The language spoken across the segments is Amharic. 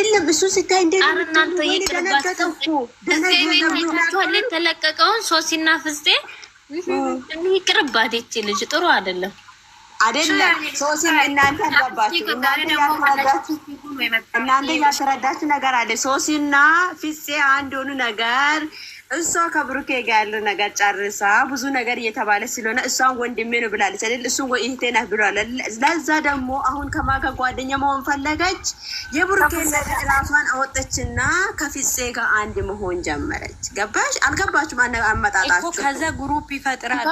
አይደለም እሱ ስታይ እንደእናንተ ይቅርባችሁ። የተለቀቀውን ሶሲና ፍስጤ ይቅርባት። ይቺ ልጅ ጥሩ አይደለም አይደለም። ሶሲም እናንተ አልገባችሁ፣ እናንተ ያስረዳችሁ ነገር አለ። ሶሲና ፍስቴ አንድ ሆኑ ነገር እሷ ከብሩኬ ጋር ያለው ነገር ጨርሳ ብዙ ነገር እየተባለ ስለሆነ እሷን ወንድሜ ነው ብላለች አይደል? እሱን እህቴ ናት ብሏል። ለዛ ደግሞ አሁን ከማጋ ጓደኛ መሆን ፈለገች። የብሩኬ ነገር ራሷን አወጠችና ከፊፄ ጋር አንድ መሆን ጀመረች። ገባሽ አልገባችም? አመጣጣችሁ ከዛ ግሩፕ ይፈጥራሉ።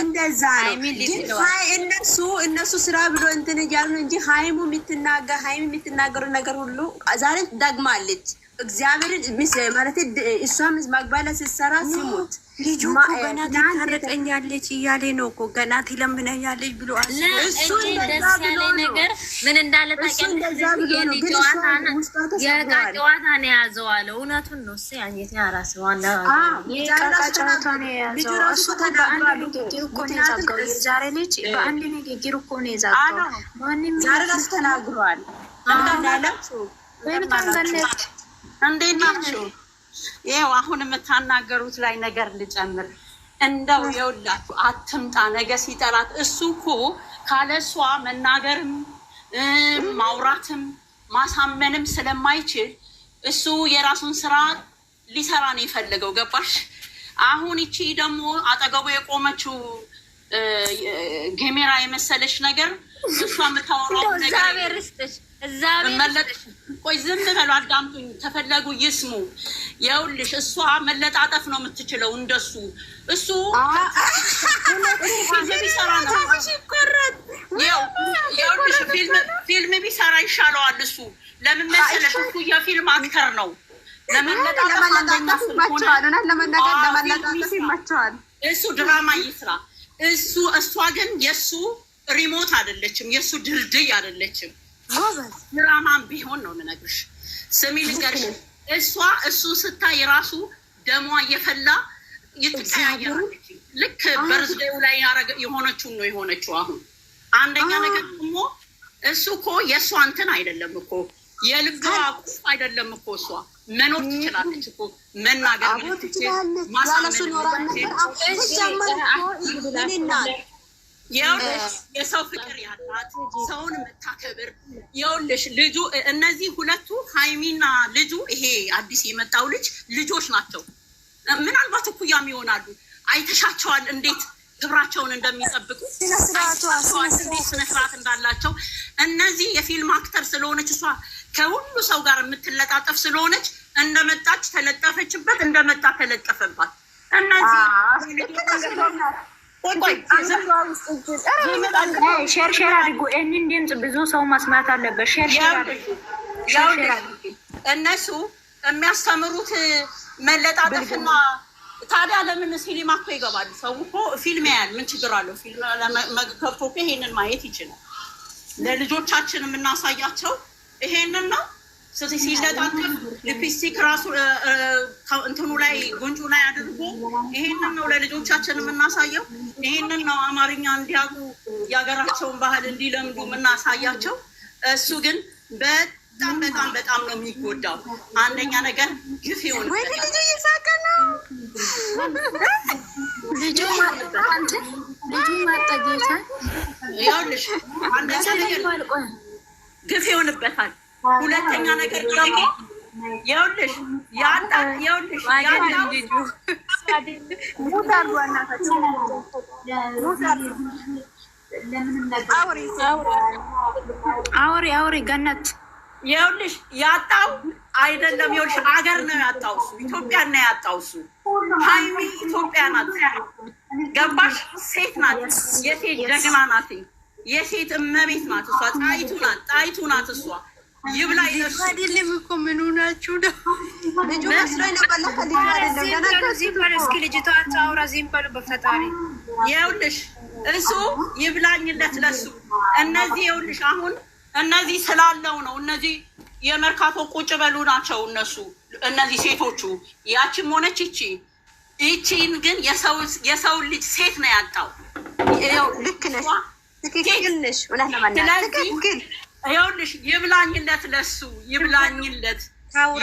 እንደዛ ነው እነሱ እነሱ ስራ ብሎ እንትን እያሉ እንጂ ሀይሙ የምትናገር ሀይሙ የምትናገሩ ነገር ሁሉ ዛሬ ደግማለች። እግዚአብሔርን ማለት እሷም ማግባለ ስትሰራ ሲሞት ልጁ ገና ታረቀኛለች እያለ ነው እኮ ገና ትለምነኛለች ብሎ ነገር ምን እንዳለ የእቃ ጨዋታ ነው የያዘው አለ። እውነቱን ነው እሱ እንዴት ናችሁ? ይኸው አሁን የምታናገሩት ላይ ነገር ልጨምር። እንደው የውላችሁ አትምጣ ነገ ሲጠራት እሱ እኮ ካለሷ መናገርም ማውራትም ማሳመንም ስለማይችል እሱ የራሱን ስራ ሊሰራ ነው የፈለገው። ገባሽ? አሁን ይቺ ደግሞ አጠገቡ የቆመችው ጌሜራ የመሰለች ነገር እሷ የምታወራው ነገር ቆይ ዝም በሉ፣ አዳምጡኝ። ተፈለጉ ይስሙ። እሷ መለጣጠፍ ነው የምትችለው። እንደሱ እሱ ፊልም ቢሰራ ይሻለዋል። እሱ ለምን መሰለሽ እሱ የፊልም አክተር ነው። እሱ ድራማ ይስራ። እሱ እሷ ግን የእሱ ሪሞት አይደለችም፣ የእሱ ድልድይ አይደለችም። ድራማም ቢሆን ነው የምነግርሽ። ስሚ ልንገርሽ፣ እሷ እሱ ስታይ ራሱ ደሟ እየፈላ ይተያያል። ልክ በርዝዴው ላይ የሆነችውን ነው የሆነችው። አሁን አንደኛ ነገር ደግሞ እሱ እኮ የእሷ እንትን አይደለም እኮ የልብ አይደለም እኮ እሷ መኖር ትችላለች እኮ መናገር የውልሽ የሰው ፍቅር ያላት ሰውን የምታከብር የውልሽ ልጁ እነዚህ ሁለቱ ሀይሚና ልጁ ይሄ አዲስ የመጣው ልጅ ልጆች ናቸው። ምናልባት እኩያም ይሆናሉ። አይተሻቸዋል እንዴት ክብራቸውን እንደሚጠብቁ ስነስርዓት እንዳላቸው። እነዚህ የፊልም አክተር ስለሆነች እሷ ከሁሉ ሰው ጋር የምትለጣጠፍ ስለሆነች እንደመጣች ተለጠፈችበት፣ እንደመጣ ተለጠፈባት። እነዚህ ሸርሸር አድርጉ። ይህንን ድምፅ ብዙ ሰው መስማት አለበት። እነሱ የሚያስተምሩት መለጣጠፍና ታዲያ ለምን ሲኒማ እኮ ይገባሉ። ሰው እኮ ፊልም ያያል። ምን ችግር አለው? ፊልም ይሄንን ማየት ይችላል። ለልጆቻችን የምናሳያቸው ይሄንን ነው። ሲለጣጠፍ ሊፕስቲክ ራሱ እንትኑ ላይ ጎንጆ ላይ አድርጎ ይሄንን ነው ለልጆቻችን የምናሳየው። ይሄንን ነው አማርኛ እንዲያውቁ የሀገራቸውን ባህል እንዲለምዱ የምናሳያቸው። እሱ ግን በጣም በጣም በጣም ነው የሚጎዳው። አንደኛ ነገር ግፍ ይሆን እየሳቀ ነው ልጁ ልጁ ማጠጌታ ግፍ ይሆንበታል። ሁለተኛ ነገር ደግሞ ይኸውልሽ ያጣ ይኸውልሽ ያጣ አውሪ አውሪ ገነት ይኸውልሽ ያጣው አይደለም ይኸውልሽ አገር ነው ያጣው እሱ ኢትዮጵያን ነው ያጣው እሱ ሀይሚ ኢትዮጵያ ናት ገባሽ ሴት ናት የሴት ጀግና ናት የሴት እመቤት ናት እሷ ጣይቱ ናት ጣይቱ ናት እሷ ይብላ ይነሱ አይደለም እኮ ምን ሆናችሁ ነው? ልጅቷ አታውራ። ዝም በሉ በፈጣሪ ይኸውልሽ፣ እሱ ይብላኝለት ለሱ። እነዚህ ይኸውልሽ፣ አሁን እነዚህ ስላለው ነው። እነዚህ የመርካቶ ቁጭ በሉ ናቸው እነሱ። እነዚህ ሴቶቹ ያችም ሆነች ይቺ ይቺን ግን የሰው ልጅ ሴት ነው ያጣው። ልክ ነሽ፣ ትክክል ነሽ። ስለዚህ ይኸውልሽ ይብላኝለት፣ ለሱ ይብላኝለት፣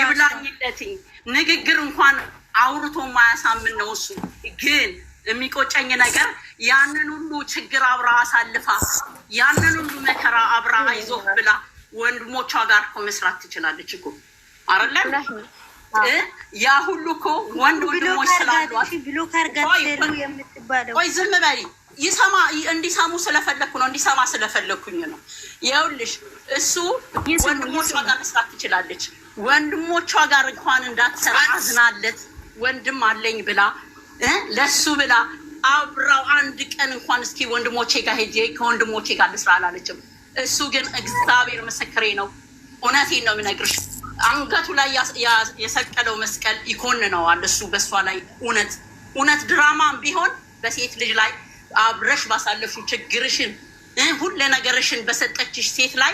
ይብላኝለት ንግግር እንኳን አውርቶ ማያሳምን ነው እሱ። ግን የሚቆጨኝ ነገር ያንን ሁሉ ችግር አብራ አሳልፋ ያንን ሁሉ መከራ አብራ አይዞህ ብላ ወንድሞቿ ጋር እኮ መስራት ትችላለች እኮ አይደለም? ያ ሁሉ እኮ ወንድ ወንድሞች ስላሏት ቆይ ዝም በይ። ይሰማ እንዲሰሙ ስለፈለግኩ ነው እንዲሰማ ስለፈለግኩኝ ነው። ይኸውልሽ እሱ ወንድሞቿ ጋር መስራት ትችላለች። ወንድሞቿ ጋር እንኳን እንዳትሰራ አዝናለት ወንድም አለኝ ብላ ለሱ ብላ አብራው አንድ ቀን እንኳን እስኪ ወንድሞቼ ጋር ሄጄ ከወንድሞቼ ጋር ልስራ አላለችም። እሱ ግን እግዚአብሔር ምስክሬ ነው፣ እውነቴን ነው የምነግርሽ። አንገቱ ላይ የሰቀለው መስቀል ይኮንነዋል። እሱ በእሷ ላይ እውነት እውነት ድራማም ቢሆን በሴት ልጅ ላይ አብረሽ ባሳለፉ ችግርሽን ሁሉ ነገርሽን በሰጠችሽ ሴት ላይ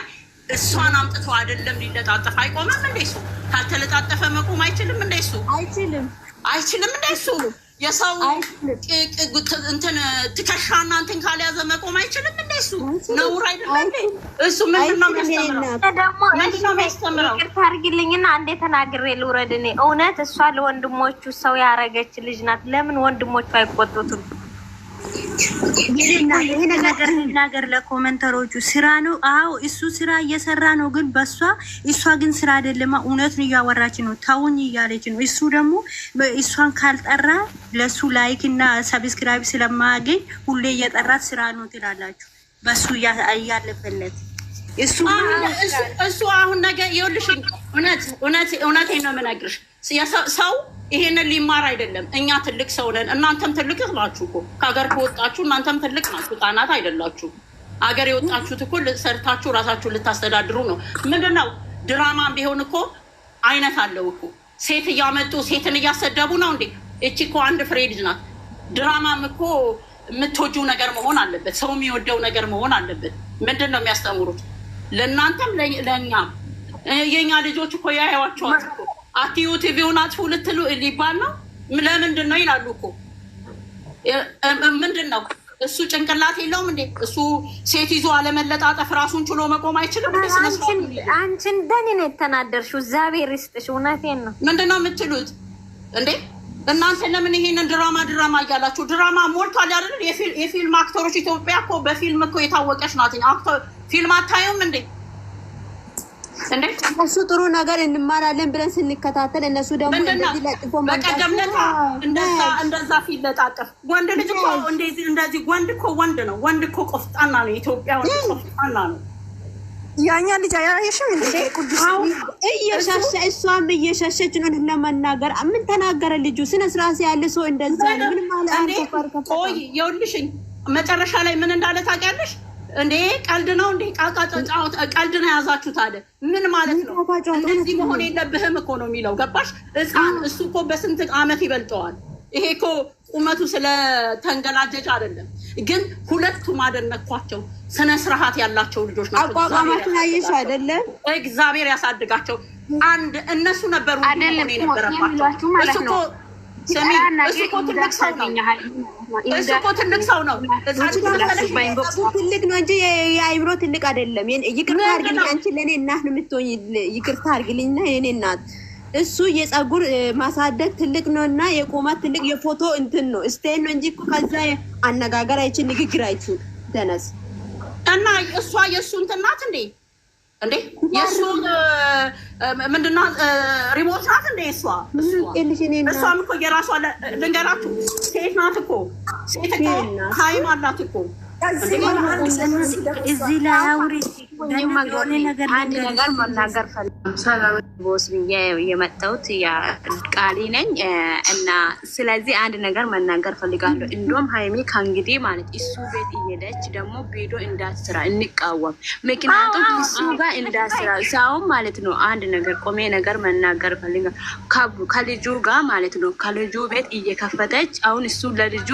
እሷን አምጥቶ አይደለም ሊለጣጠፍ አይቆምም። እንደ እንደሱ ካልተለጣጠፈ መቆም አይችልም። እንደ እንደሱ አይችልም፣ አይችልም። እንደ እንደሱ የሰው እንትን ትከሻና እንትን ካልያዘ መቆም አይችልም። እንደ እንደሱ ነውር አይደለም። እሱ ምንድነው ነው የሚያስተምረው? አድርጊልኝና እንዴ ተናግሬ ልውረድ እኔ። እውነት እሷ ለወንድሞቹ ሰው ያረገች ልጅ ናት። ለምን ወንድሞቹ አይቆጡትም? ይሄ ነገር ለኮመንተሮቹ ስራ ነው። አዎ እሱ ስራ እየሰራ ነው፣ ግን በሷ እሷ ግን ስራ አይደለም። እውነት እያወራች ነው፣ ታውኝ እያለች ነው። እሱ ደግሞ እሷን ካልጠራ ለሱ ላይክ እና ሰብስክራይብ ስለማያገኝ ሁሌ እየጠራት ስራ ነው ትላላችሁ። በሱ እያለፈለት እሱ አሁን ነገ ይኸውልሽ፣ እውነት እውነቴን ነው የምነግርሽ። ሰው ይሄንን ሊማር አይደለም። እኛ ትልቅ ሰው ነን፣ እናንተም ትልቅ ናችሁ እኮ። ከሀገር ከወጣችሁ እናንተም ትልቅ ናችሁ፣ ህጻናት አይደላችሁ። አገር የወጣችሁት እኮ ሰርታችሁ ራሳችሁን ልታስተዳድሩ ነው። ምንድን ነው ድራማም ቢሆን እኮ አይነት አለው እኮ። ሴት እያመጡ ሴትን እያሰደቡ ነው እንዴ? እቺ እኮ አንድ ፍሬ ልጅ ናት። ድራማም እኮ የምትወጂው ነገር መሆን አለበት። ሰው የሚወደው ነገር መሆን አለበት። ምንድን ነው የሚያስተምሩት? ለእናንተም ለእኛም። የእኛ ልጆች እኮ ያያዋቸዋል። አትዩ ቲቪውን አጥፉ ልትሉ ሊባል ነው። ለምንድን ነው ይላሉ እኮ ምንድን ነው እሱ ጭንቅላት የለውም እንዴ? እሱ ሴት ይዞ አለመለጣጠፍ ራሱን ችሎ መቆም አይችልም። አንቺ እንደኔ ነው የተናደርሽው። እግዚአብሔር ይስጥሽ። እውነቴን ነው። ምንድን ነው የምትሉት እንዴ? እናንተ ለምን ይሄንን ድራማ ድራማ እያላችሁ ድራማ ሞልቷል አይደል? የፊልም አክተሮች ኢትዮጵያ እኮ በፊልም እኮ የታወቀች ናት። ፊልም አታዩም እንዴ? እንዴ እነሱ ጥሩ ነገር እንማራለን ብለን ስንከታተል እነሱ ደግሞ በቀደም እንደዛ ፊት ለጣጥፍ ወንድ ልጅ እንደዚህ ወንድ እኮ ወንድ ነው። ወንድ እኮ ቆፍጣና ነው። ኢትዮጵያ ወንድ ቆፍጣና ነው። ያኛ ልጅ አያየሽም እንዴ? እየሻሸ እሷም እየሻሸች ነው ለመናገር። ምን ተናገረ ልጁ? ስነ ስርዓት ያለ ሰው እንደዛ ምን ማለት የውልሽኝ መጨረሻ ላይ ምን እንዳለ ታውቂያለሽ? እንዴ ቀልድ ነው እንዴ? ቀልድ ነው ያዛችሁት አለ። ምን ማለት ነው? እንደዚህ መሆን የለብህም እኮ ነው የሚለው ገባሽ? እሱ እኮ በስንት አመት ይበልጠዋል ይሄ እኮ ቁመቱ ስለተንገላጀጅ አይደለም። ግን ሁለቱም አደነኳቸው። ስነ ስርዓት ያላቸው ልጆች ናቸው። አቋቋማችን አየሽ አይደለም? እግዚአብሔር ያሳድጋቸው። አንድ እነሱ ነበሩ ነበረባቸው። ሰው ነው። ነው። ትልቅ ነው እንጂ የአይምሮ ትልቅ አይደለም። ይቅርታ አድርግልኝ። አንቺ ለእኔ እናት ነው የምትሆኝ። ይቅርታ አድርግልኝና የእኔ እናት እሱ የፀጉር ማሳደግ ትልቅ ነው እና የቁመት ትልቅ የፎቶ እንትን ነው ስቴን ነው እንጂ ከዛ አነጋገር አይችል ንግግር አይችል ደነስ እና እሷ የእሱ እንትን ናት እንዴ እንዴ የእሱ ምንድና ሪሞት ናት እንዴ እሷ እሷም እኮ የራሷ ልንገራችሁ ሴት ናት እኮ ሴት እኮ አላት እኮ እዚህ ላይ አውሪ ነገር መናገር ቦስ የመጣሁት ቃሌ ነኝ እና ስለዚህ አንድ ነገር መናገር ፈልጋለሁ። እንዲሁም ሀይሚ ከእንግዲህ ማለት እሱ ቤት እየሄደች ደግሞ ቪዲዮ እንዳትስራ እንቃወም። ምክንያቱም እሱ ጋር እንዳትስራ ሰውም ማለት ነው። አንድ ነገር ቆሜ ነገር መናገር ፈልጋለሁ። ከልጁ ጋር ማለት ነው። ከልጁ ቤት እየከፈተች አሁን እሱ ለልጁ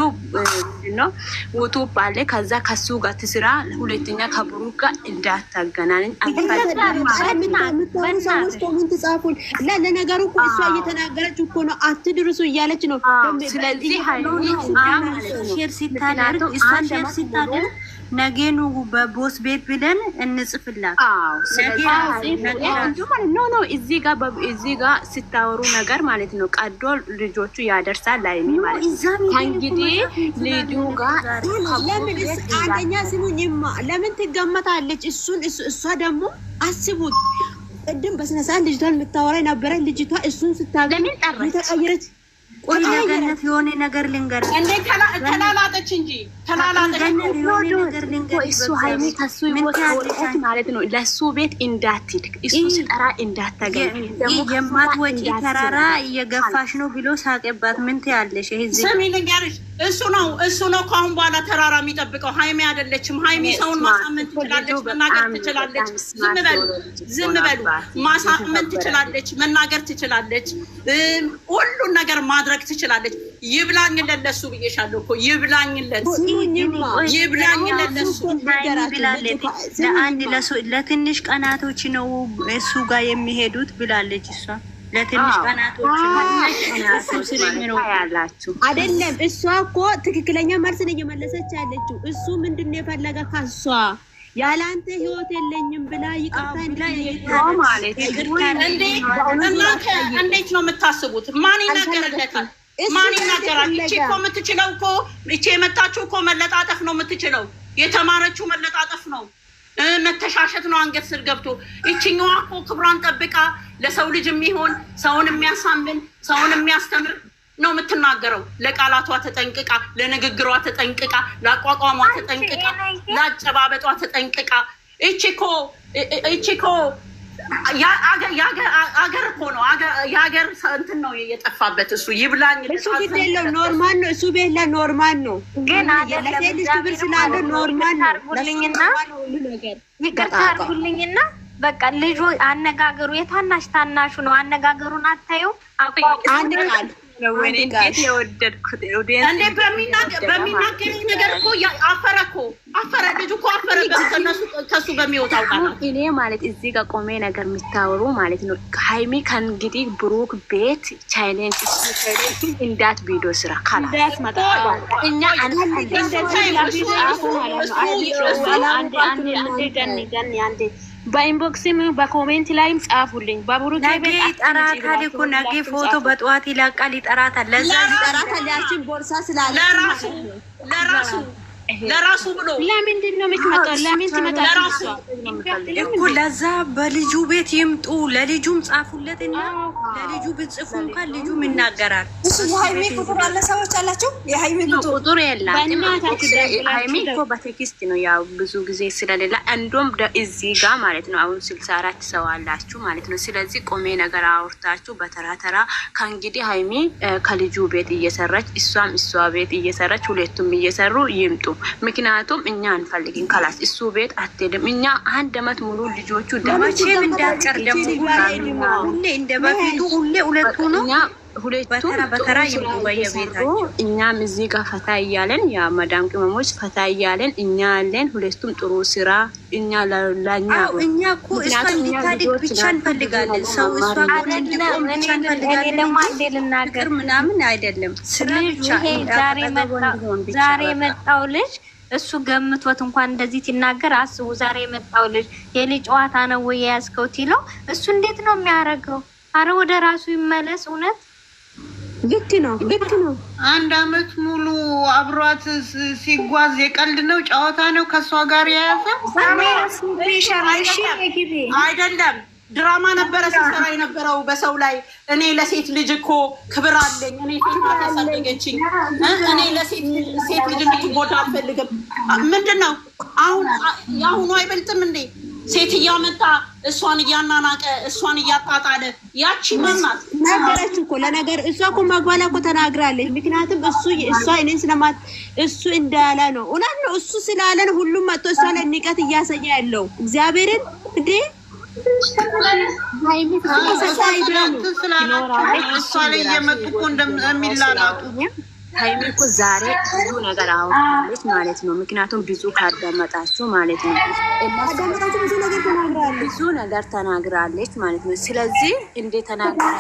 ነው ውቱ ባለ ከዛ ከዛ ከሱ ጋር ትስራ፣ ሁለተኛ ከብሩክ ጋር እንዳታገናኝ። ለነገሩ እኮ እሷ እየተናገረች እኮ ነው፣ አትድርሱ እያለች ነው። ስለዚህ ሼር ሲታደርግ እሷን ሄር ሲታደርግ ነገኑ በቦስ ቤት ብለን እንጽፍላት። እዚህ ጋ ስታወሩ ነገር ማለት ነው። ቀዶ ልጆቹ ያደርሳል ላይ ማለት ልጁ ጋር ለምን ትገመታለች? እሱን እሷ ደግሞ አስቡት። ቅድም በስነስርዓት ልጅቷን የምታወራ የነበረ ልጅቷ እሱን ስታገኝ ተቀይረች። ገነት የሆነ ነገር ልንገርህ፣ ተላላጠች እንጂ ነው። ለሱ ቤት እንዳትሄድ እሱ ስጠራ እንዳታገኝ የማትወጪ ተራራ እየገፋሽ ነው ብሎ ሳቀባት። ምን ትያለሽ? ስሚ ልንገርሽ እሱ ነው እሱ ነው ከአሁን በኋላ ተራራ የሚጠብቀው ሀይሜ አይደለችም። ሀይሜ ሰውን ማሳመን ትችላለች፣ መናገር ትችላለች። ዝም በሉ ዝም በሉ። ማሳመን ትችላለች፣ መናገር ትችላለች፣ ሁሉን ነገር ማድረግ ትችላለች። ይብላኝለት ለሱ ብዬሻለሁ እኮ ይብላኝ ለሱ ለአንድ ለትንሽ ቀናቶች ነው እሱ ጋር የሚሄዱት ብላለች እሷ አይደለም። እሷ እኮ ትክክለኛ መልስን እየመለሰች ያለችው እሱ ምንድን ነው የፈለገ ከሷ ያላንተ ህይወት የለኝም ብላ ይቅርታ እንዴት ነው የምታስቡት? ማን ይናገርለታል? ማን ይናገራል? እቺ እኮ የምትችለው እኮ እቺ የመጣችው እኮ መለጣጠፍ ነው የምትችለው። የተማረችው መለጣጠፍ ነው። መተሻሸት ነው አንገት ስር ገብቶ። ይችኛዋ እኮ ክብሯን ጠብቃ ለሰው ልጅ የሚሆን ሰውን የሚያሳምን ሰውን የሚያስተምር ነው የምትናገረው። ለቃላቷ ተጠንቅቃ፣ ለንግግሯ ተጠንቅቃ፣ ለአቋቋሟ ተጠንቅቃ፣ ለአጨባበጧ ተጠንቅቃ ይቺ እኮ አገር እኮ ነው የሀገር እንትን ነው የጠፋበት። እሱ ይብላኝ እሱ ግድ የለው ኖርማል ነው። እሱ ቤት ለኖርማል ነው፣ ግን ለሴት ልጅ ክብር ስላለ ኖርማል ነው። ይቅርታ አድርጉልኝና በቃ ልጁ አነጋገሩ የታናሽ ታናሹ ነው። አነጋገሩን አታዩ አንድ ቃል በሚናገረኝ ነገር እኮ አፈረ እኮ አፈረ፣ ልጁ እኮ አፈረ። ከሱ በሚወጣው እኔ ማለት እዚህ ጋር ቆሜ ነገር የሚታወሩ ማለት ነው። ሀይሚ ከእንግዲህ ብሩክ ቤት ቻይሌንጅ እንዳት ቪዲዮ ስራ እኛ በኢንቦክስም በኮሜንት ላይም ጻፉልኝ። በቡሩኬ ቤት ይጠራታል እኮ ነገ ፎቶ በጠዋት ይላቃል። ይጠራታል ለዛ ይጠራታል ያችን ቦርሳ ስላለ ለራሱ ለራሱ ለራሱ ብሎ ለምንድን ነው የምትመጣው? ለምን እኮ ለዛ በልጁ ቤት ይምጡ። ለልጁም ጻፉለትና ለልጁ ብጽፉ እንኳን ልጁም ይናገራል። የሀይሜ ቁጥር አለ ሰዎች አላቸው። የሀይሜ ቁጥር እኮ በቴክስት ነው ያው ብዙ ጊዜ ስለሌላ እንዶም እዚህ ጋር ማለት ነው አሁን ስልሳ አራት ሰው አላችሁ ማለት ነው። ስለዚህ ቆሜ ነገር አውርታችሁ በተራ ተራ ከእንግዲህ ሀይሜ ከልጁ ቤት እየሰራች እሷም እሷ ቤት እየሰራች ሁለቱም እየሰሩ ይምጡ ምክንያቱም እኛ አንፈልግም። ከላስ እሱ ቤት አትሄድም። እኛ አንድ አመት ሙሉ ልጆቹ ደመቼም እንዳቀር ደሞ ሁሌ እንደ በፊቱ ሁሌ ሁለቱ ነው እኛም እዚህ ጋር ፈታ እያለን የመዳም ቅመሞች ፈታ እያለን እኛ ያለን ሁለቱም ጥሩ ስራ እኛ ላኛ እኛ እኮ እሷ ብቻ እንፈልጋለን። ሰው እሷ ልናገር ምናምን አይደለም። ዛሬ የመጣው ልጅ እሱ ገምቶት እንኳን እንደዚህ ሲናገር አስቡ። ዛሬ የመጣው ልጅ የልጅ ጨዋታ ነው ወይ የያዝከው? ይለው እሱ እንዴት ነው የሚያደርገው? አረ ወደ ራሱ ይመለስ እውነት ልክ ነው፣ ልክ ነው። አንድ አመት ሙሉ አብሯት ሲጓዝ የቀልድ ነው፣ ጨዋታ ነው ከእሷ ጋር የያዘ አይደለም። ድራማ ነበረ ሲሰራ የነበረው በሰው ላይ። እኔ ለሴት ልጅ እኮ ክብር አለኝ። እኔ ሴት ታሳደገችኝ። እኔ ለሴት ልጅ እንድትጎዳ አልፈልግም። ምንድን ነው አሁን የአሁኑ አይበልጥም እንዴ? ሴት እያመጣ እሷን እያናናቀ እሷን እያጣጣለ ያቺ ማናት ነገረች እኮ ለነገር እሷ እኮ መግባላ እኮ ተናግራለች። ምክንያቱም እሱ እሷ እኔን ስለማት እሱ እንዳለ ነው እውነት ነው። እሱ ስላለን ሁሉም መጥቶ እሷ ላይ ንቀት እያሰኘ ያለው እግዚአብሔርን እንዴ እሷ ላይ እየመጡ እኮ እንደሚላላጡ ሀይሚ እኮ ዛሬ ብዙ ነገር አወራለች ማለት ነው። ምክንያቱም ብዙ ካዳመጣችሁ ማለት ነው ብዙ ነገር ተናግራለች ማለት ነው። ስለዚህ እንዴ ተናግራ